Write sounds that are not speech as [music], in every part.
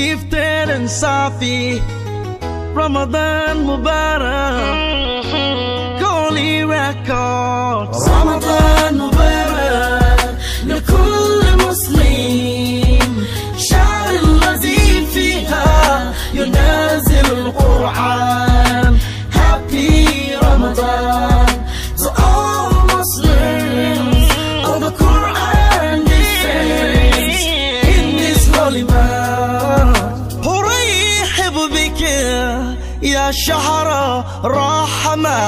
gifted and Safi. Ramadan Mubarak, Holy Records. Ramadan Mubarak, لكل مسلم شعر الذي فيها ينازل القرآن. Happy Ramadan. To all Muslims, all the Quran defense in this holy month. قلبك يا شهر رحمة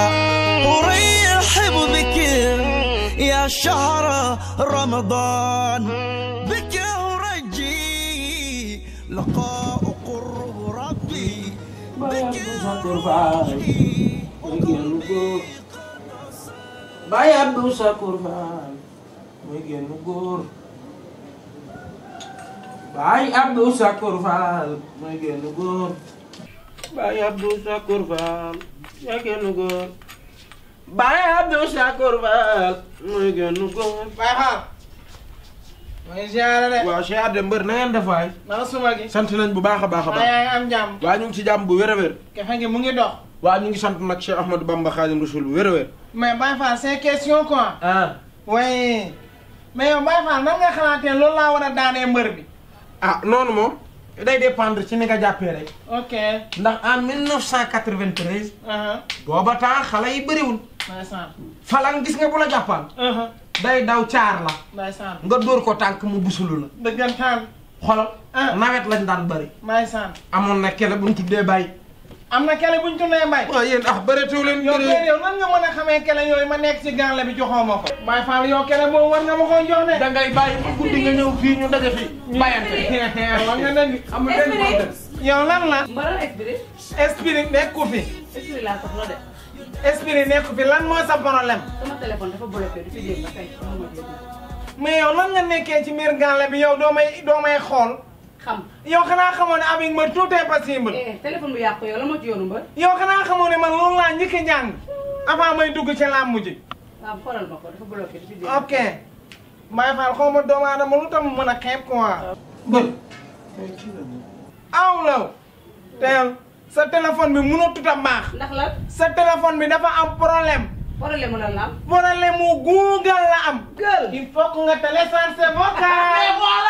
وريح بك يا شهر رمضان بك ورجي لقاء قرب ربي بك ورجي وقلبي بايا بوسا كرفان ويجي نقول Baay Abdou Sakour Fall mooy génn góor Baay Abdou Sakour Fall yaa génn góor Baay Abdou Sakour Fall mooy génn góor Baay Fall mooy ziare de waaw ziare de mbër na ngeen def waay nanga suma gi sant nañ bu baax a baax a baax yaa ngi am jàmm waa ñu ngi ci jàmm bu wér a wér kefe ngi mu ngi dox waa ñu ngi sant nag Cheikh Ahmadou Bamba Khadim Rasoul bu wér a wér mais Baay Fall c'est question quoi ah oui mais yow Baay Fall nan nga xalaatee loolu laa war a daanee mbër bi ah noonu moom day dépendre ci ni nga jàppee rek. ok ndax en 1993. Uh-huh. booba temps xale yi bëriwul. falan gis nga bu la jàppaan. Uh-huh. day daw caar la. nga dóor ko tànk mu busulu la. dëggantaan. xolal uh-huh. nawet lañ daan bëri. amoon na kele bu ñu tuddee bàyyi. am na kele ñu tunnee mbay. waaw yéen ah bëreetoo leen. yow yow nan nga mën a xamee kele yooyu ma nekk ci gàncax bi joxoo ma ko. Baye Fall yow kele boobu war nga ma ko jox de. da bàyyi ba guddi nga ñëw fii ñu daje fii. bayante [laughs] wax nga ne am na benn problème. yow lan la. mbaral esprit. esprit nekku fi. esprit laa soxla de. esprit lan moo sa problème. sama téléphone dafa bloqué du ba mais yow lan nga nekkee ci biir gàncax bi yow doo may doo may xool. xam yow xanaa xamoo ne avec mbër tout est possible. téléphone bu yàqu yow la moo ci yoonu mbër. yow xanaa xamoo man loolu laa njëkk a jàng avant may dugg ci làmb ji. waaw xoolal ma dafa bloqué dafa ok Baye Fall xaw ma doomu aadama lu tax mu mën a quoi. mbër. aw law sa téléphone bi a ndax la sa téléphone bi dafa am problème. problème la problème mu Google la am. Google il faut que nga télécharger vocal. [laughs]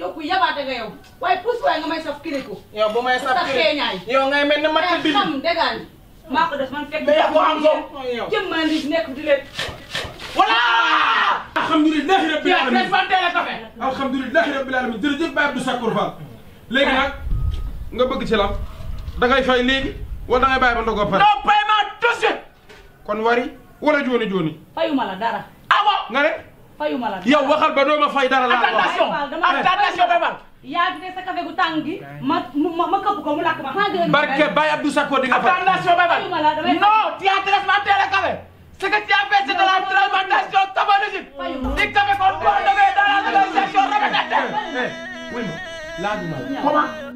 yow ku yabaate nga yow waaye pousse waaye nga may saf kiriku yow bu may saf kiriku yow ngay mel eh, ne matt bi xam dégal maa ko def man fekk mais yaa ko am so jëm ma nit di leen wala alhamdulilah rabbil ya, alamin def fan tele café alhamdulilah rabbil alamin jërëjëf Baye Abdou Sakour Fall léegi nag nga bëgg ci de la fayuma la yow waxal ba doo ma fay dara laa wax attention bébal yaa ngi sa café gu tàng gi ma ma ma këpp ko mu lakk ma. barke Baye Abdou Sakko di nga fay attention bébal non tu as transmenté le café ce que tu as fait c'est de la transmentation cabalogique di café kon boo demee dans la négociation rafetante. Eh, eh, oui ma laajuma la comment.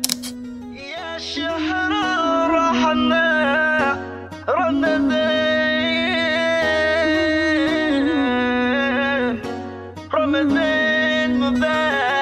and my bad.